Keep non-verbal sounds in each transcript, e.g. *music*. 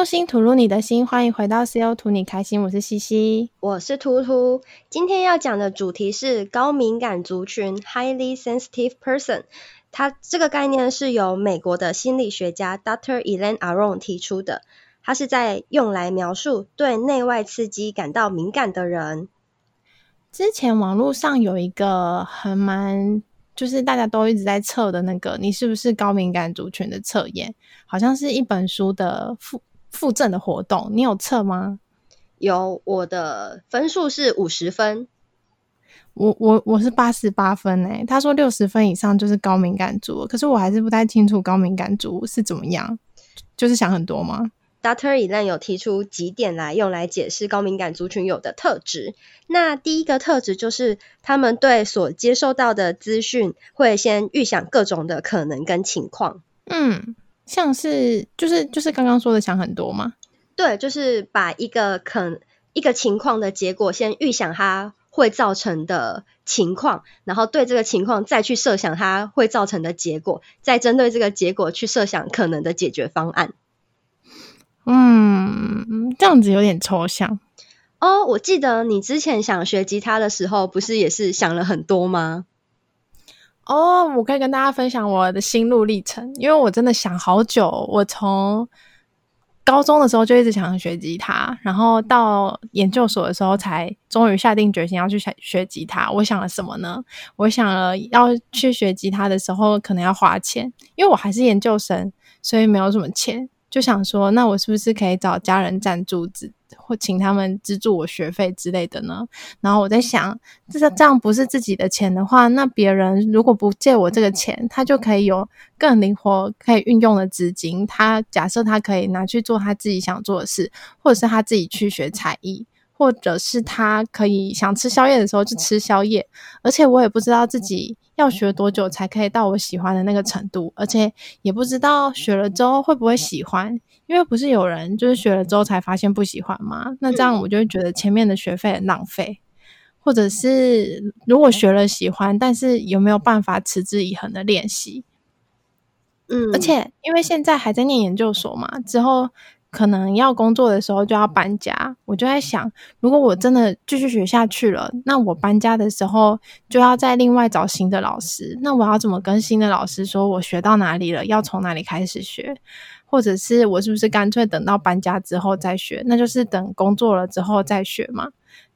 用心吐露你的心，歡迎回到 C.O. 吐你開心，我是西西，我是圖圖。今天要講的主題是高敏感族群 （Highly Sensitive Person），它這個概念是由美國的心理學家 Dr. Elaine Aron 提出的，它是在用來描述對內外刺激感到敏感的人。之前網絡上有一個很蠻，就是大家都一直在測的那個，你是不是高敏感族群的測驗，好像是一本書的副。附贈的活動，你有測嗎？有，我的分數是五十分。我我我是八十八分誒、欸、他說六十分以上就是高敏感族，可是我還是不太清楚高敏感族是怎麼樣，就是想很多嗎？Dr. Elaine 有提出幾點來用來解釋高敏感族群有的特質。那第一個特質就是他們對所接受到的資訊會先預想各種的可能跟情況。嗯。像是就是就是剛剛說的想很多嗎？對，就是把一個肯一個情況的結果先預想它會造成的情況，然後對這個情況再去設想它會造成的結果，再針對這個結果去設想可能的解決方案。嗯，這樣子有點抽象。哦，我記得你之前想學吉他的時候，不是也是想了很多嗎？哦，oh, 我可以跟大家分享我的心路歷程，因為我真的想好久。我從高中的時候就一直想要學吉他，然後到研究所的時候才終於下定決心要去學學吉他。我想了什麼呢？我想了要去學吉他的時候可能要花錢，因為我還是研究生，所以沒有什麼錢，就想說那我是不是可以找家人贊助資金？會請他們資助我學費之類的呢？然後我在想，這個這樣不是自己的錢的話，那別人如果不借我這個錢，他就可以有更靈活可以運用的資金。他假設他可以拿去做他自己想做的事，或者是他自己去學才藝，或者是他可以想吃宵夜的時候就吃宵夜。而且我也不知道自己。要學多久才可以到我喜歡的那個程度？而且也不知道學了之後會不會喜歡，因為不是有人就是學了之後才發現不喜歡嗎？那這樣我就覺得前面的學費很浪費，或者是如果學了喜歡，但是有沒有辦法持之以恆的練習？嗯，而且因為現在還在念研究所嘛，之後。可能要工作的時候就要搬家，我就在想，如果我真的繼續學下去了，那我搬家的時候就要再另外找新的老師，那我要怎麼跟新的老師說我學到哪裡了，要從哪裡開始學，或者是我是不是乾脆等到搬家之後再學，那就是等工作了之後再學嘛。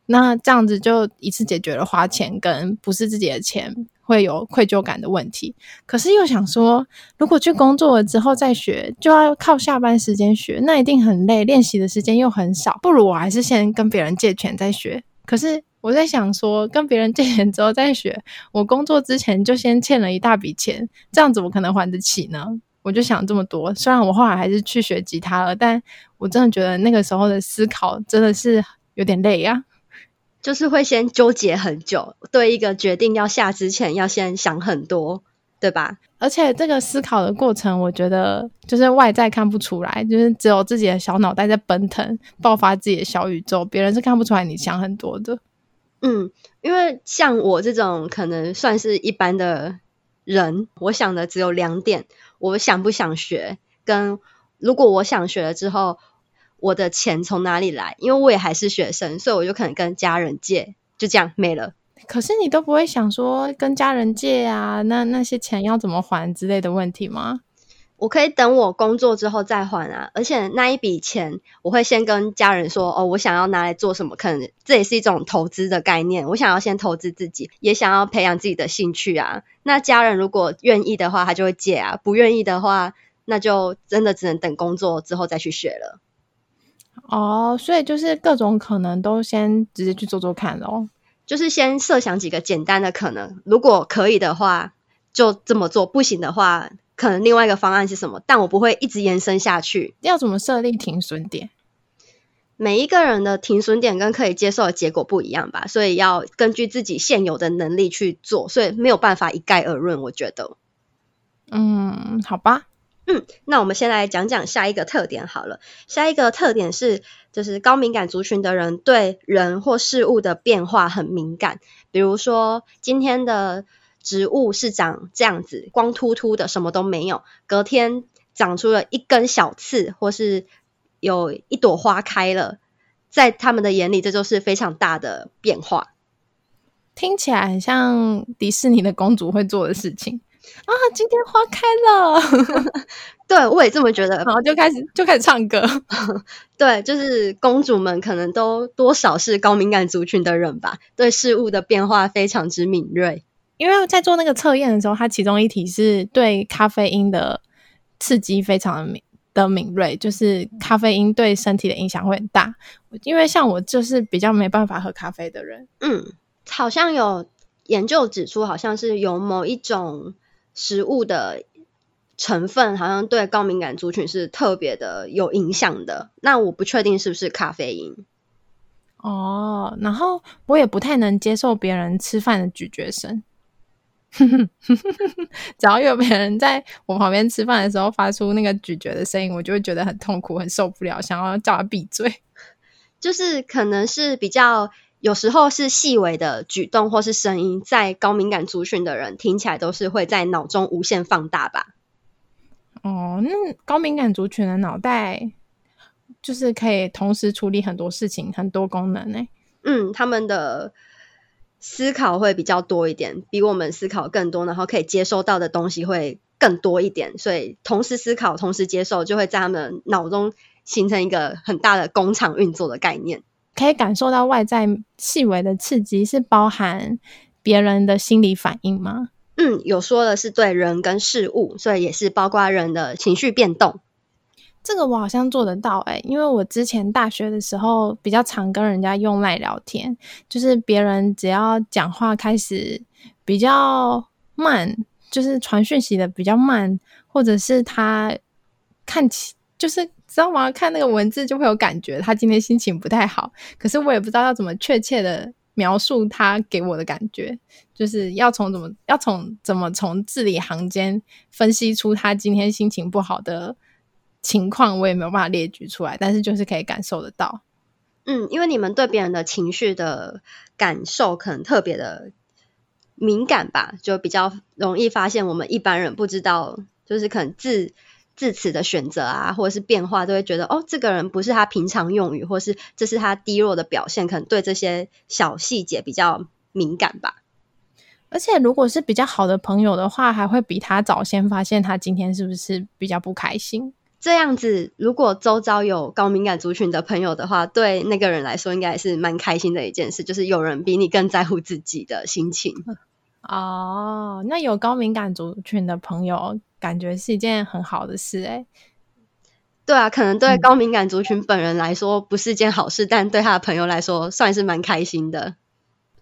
那這樣子就一次解決了花錢跟不是自己的錢會有愧疚感的問題。可是又想說，如果去工作了之後再學，就要靠下班時間學，那一定很累，練習的時間又很少。不如我還是先跟別人借錢再學。可是我在想說，跟別人借錢之後再學，我工作之前就先欠了一大筆錢，這樣怎麼可能還得起呢？我就想這麼多。雖然我後來還是去學吉他了，但我真的覺得那個時候的思考真的是有點累呀、啊。就是會先糾結很久，對一個決定要下之前，要先想很多，對吧？而且這個思考的過程，我覺得就是外在看不出來，就是只有自己的小腦袋在奔騰，爆發自己的小宇宙，別人是看不出來你想很多的。嗯，因為像我這種可能算是一般的人，我想的只有兩點：我想不想學，跟如果我想學了之後。我的錢從哪裡來？因為我也還是學生，所以我就可能跟家人借，就這樣沒了。可是你都不會想說跟家人借啊？那那些錢要怎麼還之類的問題嗎？我可以等我工作之後再還啊。而且那一筆錢，我會先跟家人說哦，我想要拿來做什麼？可能這也是一種投資的概念。我想要先投資自己，也想要培養自己的興趣啊。那家人如果願意的話，他就會借啊；不願意的話，那就真的只能等工作之後再去學了。哦，oh, 所以就是各種可能都先直接去做做看咯，就是先設想幾個簡單的可能，如果可以的話就這麼做，不行的話可能另外一個方案是什麼？但我不會一直延伸下去。要怎麼設立停損點？每一個人的停損點跟可以接受的結果不一樣吧，所以要根據自己現有的能力去做，所以沒有辦法一概而論。我覺得，嗯，好吧。嗯，那我們先來講講下一個特點好了。下一個特點是，就是高敏感族群的人對人或事物的變化很敏感。比如說，今天的植物是長這樣子，光禿禿的，什麼都沒有；隔天長出了一根小刺，或是有一朵花開了，在他們的眼裡，這就是非常大的變化。聽起來很像迪士尼的公主會做的事情。啊，今天花開了， *laughs* 對，我也這麼覺得，然後就開始就開始唱歌。 *laughs* 對，就是公主們可能都多少是高敏感族群的人吧，對事物的變化非常之敏銳。因為在做那個測驗的時候，它其中一題是對咖啡因的刺激非常的敏的敏銳，就是咖啡因對身體的影響會很大。因為像我就是比較沒辦法喝咖啡的人。嗯，好像有研究指出，好像是有某一種。食物的成分好像對高敏感族群是特別的有影響的，那我不確定是不是咖啡因。哦，oh, 然後我也不太能接受別人吃飯的咀嚼聲。 *laughs* 只要有別人在我旁邊吃飯的時候發出那個咀嚼的聲音，我就會覺得很痛苦、很受不了，想要叫他閉嘴。就是可能是比較。有時候是細微的舉動或是聲音，在高敏感族群的人聽起來都是會在腦中無限放大吧。哦，那高敏感族群的腦袋就是可以同時處理很多事情，很多功能呢。嗯，他們的思考會比較多一點，比我們思考更多，然後可以接收到的東西會更多一點。所以同時思考，同時接受，就會在他們腦中形成一個很大的工廠運作的概念。可以感受到外在細微的刺激，是包含別人的心理反應嗎？嗯，有說的是對人跟事物，所以也是包括人的情緒變動。這個我好像做得到哎、欸，因為我之前大學的時候比較常跟人家用賴聊天，就是別人只要講話開始比較慢，就是傳訊息的比較慢，或者是他看起就是。知道嗎？看那個文字就會有感覺，他今天心情不太好。可是我也不知道要怎麼確切的描述他給我的感覺，就是要從怎麼要從怎麼從字裡行間分析出他今天心情不好的情況，我也沒有辦法列舉出來。但是就是可以感受得到。嗯，因為你們對別人的情緒的感受可能特別的敏感吧，就比較容易發現我們一般人不知道，就是可能字。字詞的選擇啊，或者是變化，都會覺得哦，這個人不是他平常用語，或是這是他低落的表現，可能對這些小細節比較敏感吧。而且，如果是比較好的朋友的話，還會比他早先發現他今天是不是比較不開心。這樣子，如果周遭有高敏感族群的朋友的話，對那個人來說，應該是蠻開心的一件事，就是有人比你更在乎自己的心情。哦，那有高敏感族群的朋友。感覺是一件很好的事。欸，哎，對啊，可能對高敏感族群本人來說不是一件好事，嗯、但對他的朋友來說算是蠻開心的。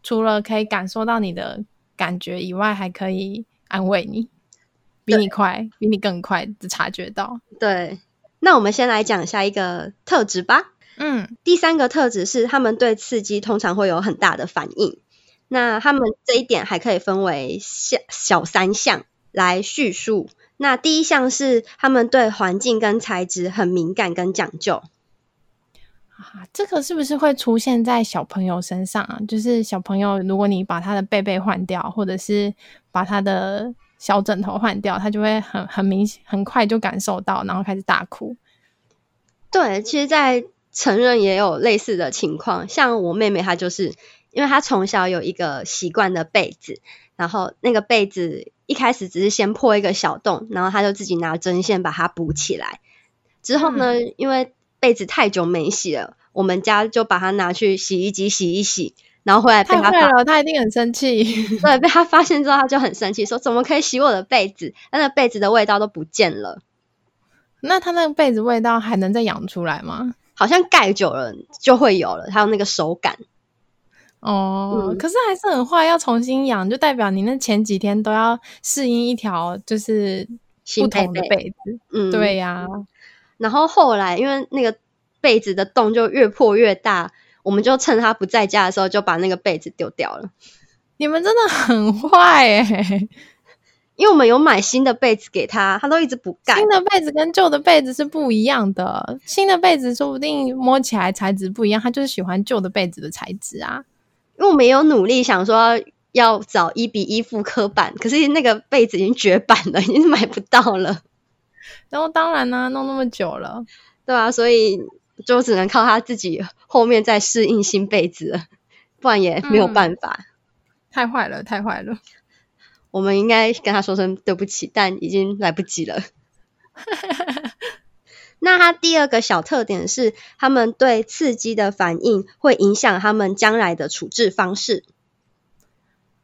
除了可以感受到你的感覺以外，還可以安慰你，比你快，對比你更快的察覺到。對，那我們先來講下一個特質吧。嗯，第三個特質是他們對刺激通常會有很大的反應。那他們這一點還可以分為小小三項來敘述。那第一項是他們對環境跟材質很敏感跟講究啊，這個是不是會出現在小朋友身上啊？就是小朋友，如果你把他的被被換掉，或者是把他的小枕頭換掉，他就會很很明顯很快就感受到，然後開始大哭。對，其實，在成人也有類似的情況，像我妹妹，她就是因為她從小有一個習慣的被子，然後那個被子。一開始只是先破一個小洞，然後他就自己拿針線把它補起來。之後呢，嗯、因為被子太久沒洗了，我們家就把它拿去洗衣機洗一洗。然後回來被他發了，他一定很生氣。對，被他發現之後，他就很生氣， *laughs* 說怎麼可以洗我的被子？那，那被子的味道都不見了。那他那個被子味道還能再養出來嗎？好像蓋久了就會有了，還有那個手感。哦，嗯、可是還是很壞，要重新養，就代表你那前幾天都要適應一條就是不同的被子，嗯，對呀、啊。然後後來因為那個被子的洞就越破越大，我們就趁他不在家的時候就把那個被子丟掉了。你們真的很壞哎、欸，因為我們有買新的被子給他，他都一直不蓋。新的被子跟舊的被子是不一樣的，新的被子說不定摸起來材質不一樣，他就是喜歡舊的被子的材質啊。我們有努力想說要，要找一比一複刻版，可是那個被子已經絕版了，已經買不到了。然後、哦、當然呢、啊，弄那麼久了，對吧、啊？所以就只能靠他自己後面再適應新被子，不然也沒有辦法。嗯、太壞了，太壞了！我們應該跟他說聲對不起，但已經來不及了。 *laughs* 那他第二個小特點是，他們對刺激的反應會影響他們將來的處置方式。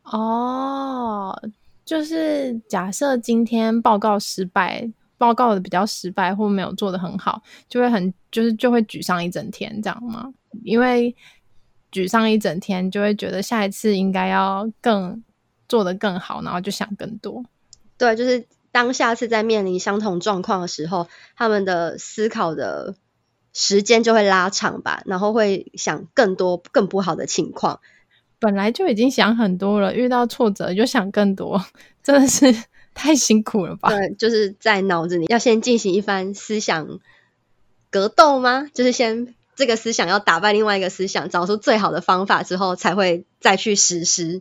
哦，就是假設今天報告失敗，報告的比較失敗或沒有做得很好，就會很，就是就會沮喪一整天，這樣嗎？因為沮喪一整天，就會覺得下一次應該要更，做得更好，然後就想更多。對，就是。當下次在面臨相同狀況的時候，他們的思考的時間就會拉長吧，然後會想更多更不好的情況。本來就已經想很多了，遇到挫折就想更多，真的是太辛苦了吧？對，就是在腦子裡要先進行一番思想格鬥嗎？就是先這個思想要打敗另外一個思想，找出最好的方法之後，才會再去實施。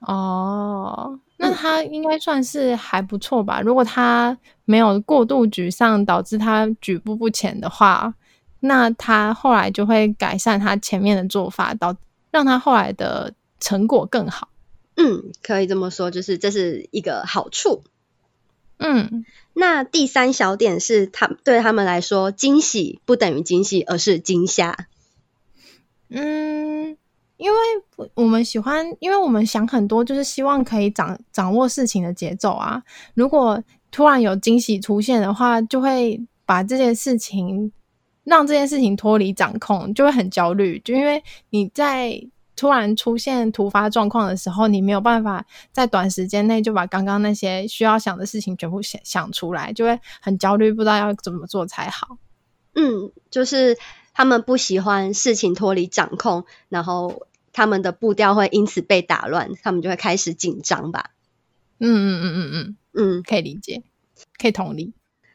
哦。那他應該算是還不錯吧。如果他沒有過度沮喪導致他舉步不前的話，那他後來就會改善他前面的做法，導讓他後來的成果更好。嗯，可以這麼說，就是這是一個好處。嗯，那第三小點是他對他們來說，驚喜不等於驚喜，而是驚嚇。嗯。因為我們喜歡，因為我們想很多，就是希望可以掌掌握事情的節奏啊。如果突然有驚喜出現的話，就會把這件事情讓這件事情脫離掌控，就會很焦慮。就因為你在突然出現突發狀況的時候，你沒有辦法在短時間內就把剛剛那些需要想的事情全部想想出來，就會很焦慮，不知道要怎麼做才好。嗯，就是他們不喜歡事情脫離掌控，然後。他們的步調會因此被打亂，他們就會開始緊張吧。嗯嗯嗯嗯嗯嗯，嗯可以理解，可以同理。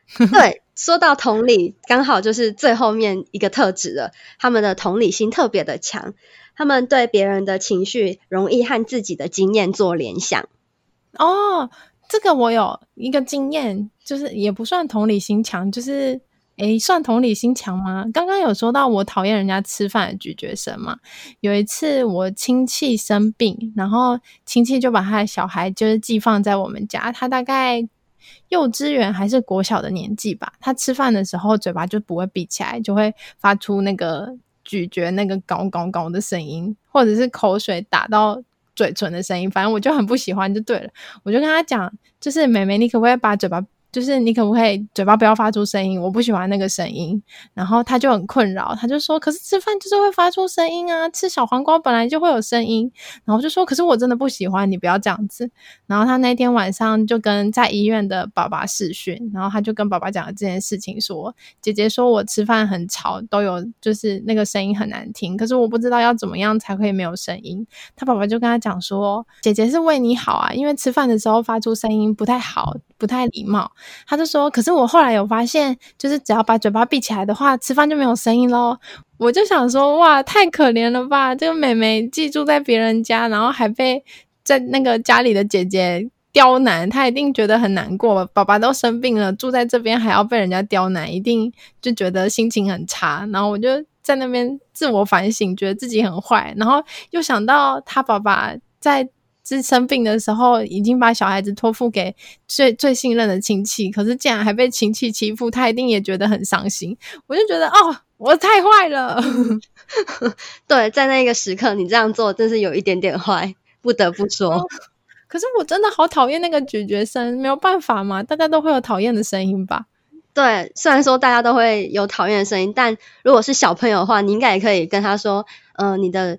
*laughs* 對，說到同理，剛好就是最後面一個特質了。他們的同理心特別的強，他們對別人的情緒容易和自己的經驗做聯想。哦，這個我有一個經驗，就是也不算同理心強，就是。哎，算同理心強嗎？剛剛有說到我討厭人家吃飯的咀嚼聲嘛？有一次我親戚生病，然後親戚就把他的小孩就是寄放在我們家，他大概幼稚園還是國小的年紀吧。他吃飯的時候嘴巴就不會閉起來，就會發出那個咀嚼那個槓槓槓的聲音，或者是口水打到嘴唇的聲音。反正我就很不喜歡，就對了，我就跟他講，就是妹妹，你可不可以把嘴巴？就是你可不可以嘴巴不要發出聲音？我不喜歡那個聲音。然後他就很困擾，他就說：“可是吃飯就是會發出聲音啊，吃小黃瓜本來就會有聲音。”然後就說：“可是我真的不喜歡，你不要這樣子。”然後他那天晚上就跟在醫院的爸爸視訊，然後他就跟爸爸講了這件事情，說：“姐姐說我吃飯很吵，都有就是那個聲音很難聽。可是我不知道要怎麼樣才會沒有聲音。”他爸爸就跟他講說：“姐姐是為你好啊，因為吃飯的時候發出聲音不太好，不太禮貌。”他就說，可是我後來有發現，就是只要把嘴巴閉起來的話，吃飯就沒有聲音嘍。我就想說，哇，太可憐了吧！這個妹妹寄住在別人家，然後還被在那個家裡的姐姐刁難，她一定覺得很難過。爸爸都生病了，住在這邊還要被人家刁難，一定就覺得心情很差。然後我就在那邊自我反省，覺得自己很壞。然後又想到她爸爸在。是生病的時候，已經把小孩子托付給最最信任的親戚，可是竟然還被親戚欺負，他一定也覺得很傷心。我就覺得，哦，我太壞了。 *laughs* 對，在那個時刻，你這樣做真是有一點點壞，不得不說、嗯。可是我真的好討厭那個咀嚼聲，沒有辦法嘛，大家都會有討厭的聲音吧？對，雖然說大家都會有討厭的聲音，但如果是小朋友的話，你應該也可以跟他說，嗯、呃，你的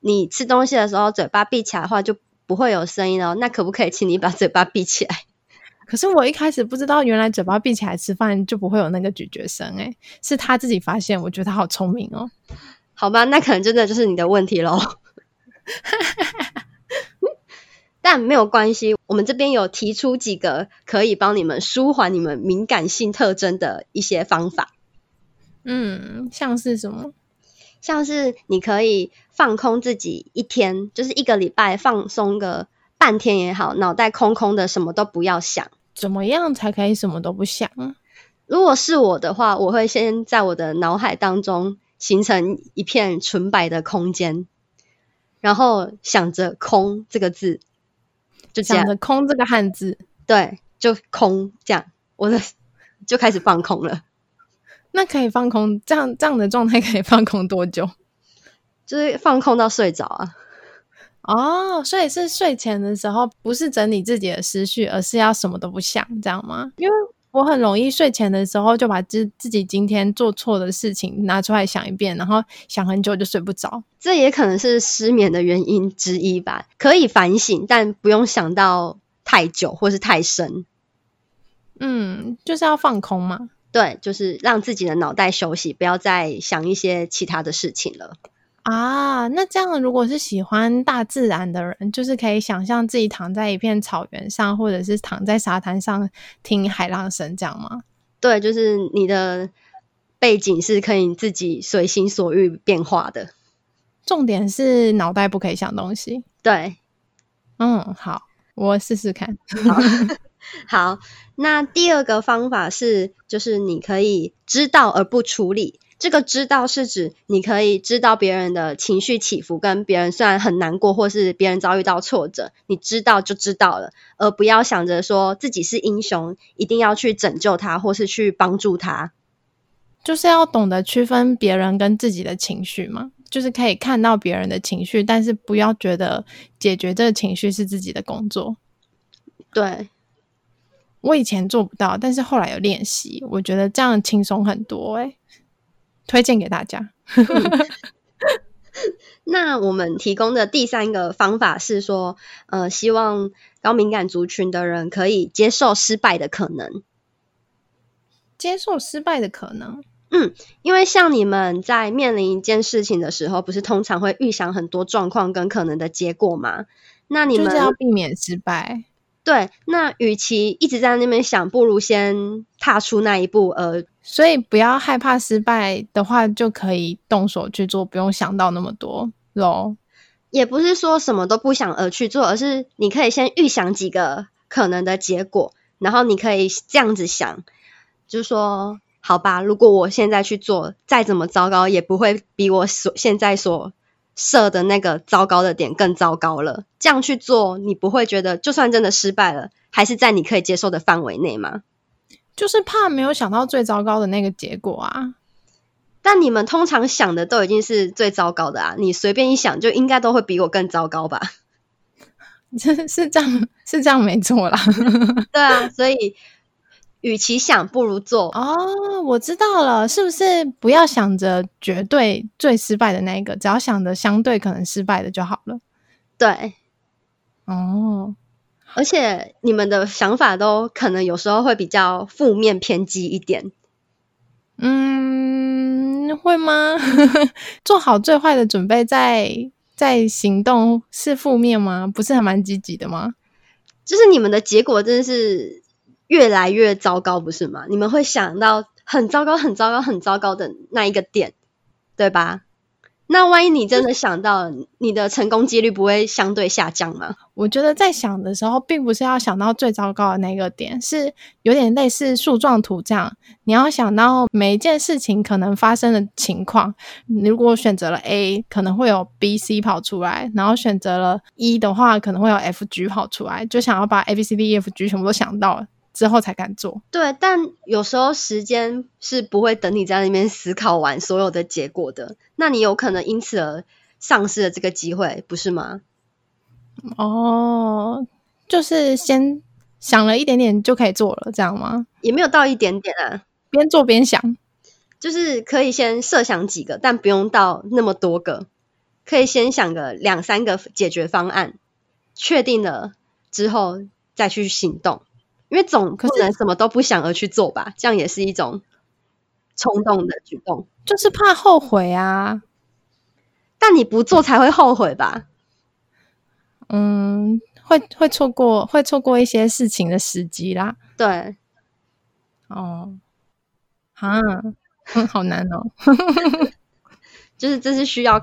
你吃東西的時候嘴巴閉起來的話，就。不會有聲音哦，那可不可以請你把嘴巴閉起來？可是我一開始不知道，原來嘴巴閉起來吃飯就不會有那個咀嚼聲。誒，是他自己發現，我覺得他好聰明哦。好吧，那可能真的就是你的問題咯。 *laughs* *laughs* 但沒有關係，我們這邊有提出幾個可以幫你們舒緩你們敏感性特徵的一些方法。嗯，像是什麼？像是你可以放空自己一天，就是一個禮拜放鬆個半天也好，腦袋空空的，什麼都不要想。怎麼樣才可以什麼都不想？如果是我的話，我會先在我的腦海當中形成一片純白的空間，然後想着“空”這個字，就想着“空”這個漢字，對，就空這樣，我的就開始放空了。那可以放空，這樣這樣的狀態可以放空多久？就是放空到睡着啊。哦，所以是睡前的時候，不是整理自己的思緒，而是要什麼都不想，這樣嗎？因為我很容易睡前的時候就把自自己今天做錯的事情拿出來想一遍，然後想很久就睡不着。這也可能是失眠的原因之一吧？可以反省，但不用想到太久或是太深。嗯，就是要放空嘛。對，就是讓自己的腦袋休息，不要再想一些其他的事情了。啊，那這樣如果是喜歡大自然的人，就是可以想象自己躺在一片草原上，或者是躺在沙灘上聽海浪聲，這樣嗎？對，就是你的背景是可以自己隨心所欲變化的。重點是腦袋不可以想東西。對，嗯，好，我試試看。好 *laughs* 好，那第二個方法是，就是你可以知道而不處理。這個知道是指你可以知道別人的情緒起伏，跟別人雖然很難過，或是別人遭遇到挫折，你知道就知道了，而不要想着說自己是英雄，一定要去拯救他，或是去幫助他。就是要懂得區分別人跟自己的情緒嘛，就是可以看到別人的情緒，但是不要覺得解決這個情緒是自己的工作。對。我以前做不到，但是後來有練習，我覺得這樣輕鬆很多，欸。哎，推薦給大家， *laughs* 嗯。那我們提供的第三個方法是說，呃，希望高敏感族群的人可以接受失敗的可能，接受失敗的可能。嗯，因為像你們在面臨一件事情的時候，不是通常會預想很多狀況跟可能的結果嗎？那你們就是要避免失敗。對，那與其一直在那邊想，不如先踏出那一步。呃，所以不要害怕失敗的話，就可以動手去做，不用想到那麼多嘍。也不是說什麼都不想而去做，而是你可以先預想幾個可能的結果，然後你可以這樣子想，就是說，好吧，如果我現在去做，再怎麼糟糕，也不會比我所現在所。設的那個糟糕的點更糟糕了，這樣去做，你不會覺得就算真的失敗了，還是在你可以接受的範圍內嗎？就是怕沒有想到最糟糕的那個結果啊！但你們通常想的都已經是最糟糕的啊！你隨便一想就應該都會比我更糟糕吧？ *laughs* 是這樣，是這樣，沒錯啦。 *laughs* 對啊，所以。與其想，不如做哦。我知道了，是不是不要想着絕對最失敗的那一個，只要想着相對可能失敗的就好了？對，哦，而且你們的想法都可能有時候會比較負面偏激一點。嗯，會嗎？ *laughs* 做好最壞的準備再，再再行動，是負面嗎？不是，還蠻積極的嗎？就是你們的結果，真是。越來越糟糕，不是嗎？你們會想到很糟糕、很糟糕、很糟糕的那一個點，對吧？那萬一你真的想到，你的成功幾率不會相對下降嗎？我覺得在想的時候，並不是要想到最糟糕的那一個點，是有點類似樹狀圖這樣。你要想到每一件事情可能發生的情況。如果選擇了 A，可能會有 B、C 跑出來；然後選擇了 E 的話，可能會有 F、G 跑出來。就想要把 A、B、C、D、E、F、G 全部都想到了。之後才敢做，對，但有時候時間是不會等你在那邊思考完所有的結果的，那你有可能因此而喪失了這個機會，不是嗎？哦，就是先想了一點點就可以做了，這樣嗎？也沒有到一點點啊，邊做邊想，就是可以先設想幾個，但不用到那麼多個，可以先想個兩三個解決方案，確定了之後再去行動。因為總可能什麼都不想而去做吧，是這樣也是一種衝動的舉動，就是怕後悔啊。但你不做才會後悔吧？嗯，會會錯過，會錯過一些事情的時機啦。對，哦，啊、嗯，好難哦、喔， *laughs* 就是這是需要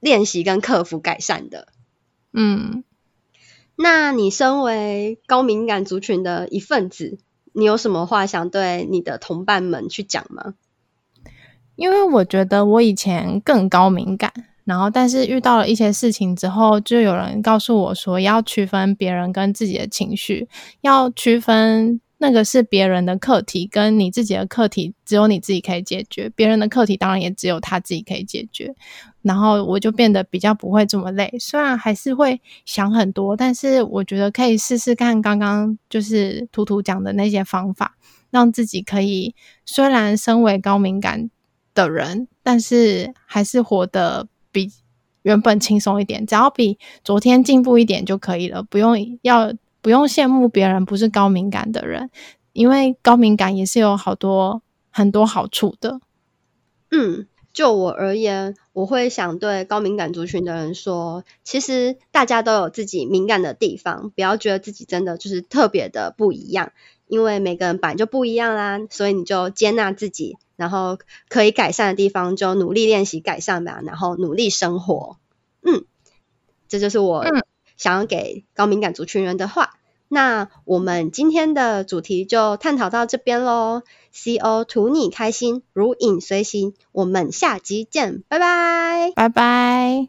練習跟克服改善的，嗯。那你身為高敏感族群的一份子，你有什麼話想對你的同伴們去講嗎？因為我覺得我以前更高敏感，然後但是遇到了一些事情之後，就有人告訴我說要區分別人跟自己的情緒，要區分。那個是別人的課題，跟你自己的課題，只有你自己可以解決。別人的課題當然也只有他自己可以解決。然後我就變得比較不會這麼累，雖然還是會想很多，但是我覺得可以試試看，剛剛就是圖圖講的那些方法，讓自己可以雖然身為高敏感的人，但是還是活得比原本輕鬆一點，只要比昨天進步一點就可以了，不用要。不用羨慕別人，不是高敏感的人，因為高敏感也是有好多很多好處的。嗯，就我而言，我會想對高敏感族群的人說，其實大家都有自己敏感的地方，不要覺得自己真的就是特別的不一樣，因為每個人本來就不一樣啦，所以你就接納自己，然後可以改善的地方就努力練習改善吧，然後努力生活。嗯，這就是我。嗯。想要給高敏感族群人的話，那我們今天的主題就探討到這邊嘍。CO 圖你開心，如影隨形。我們下集見，拜拜，拜拜。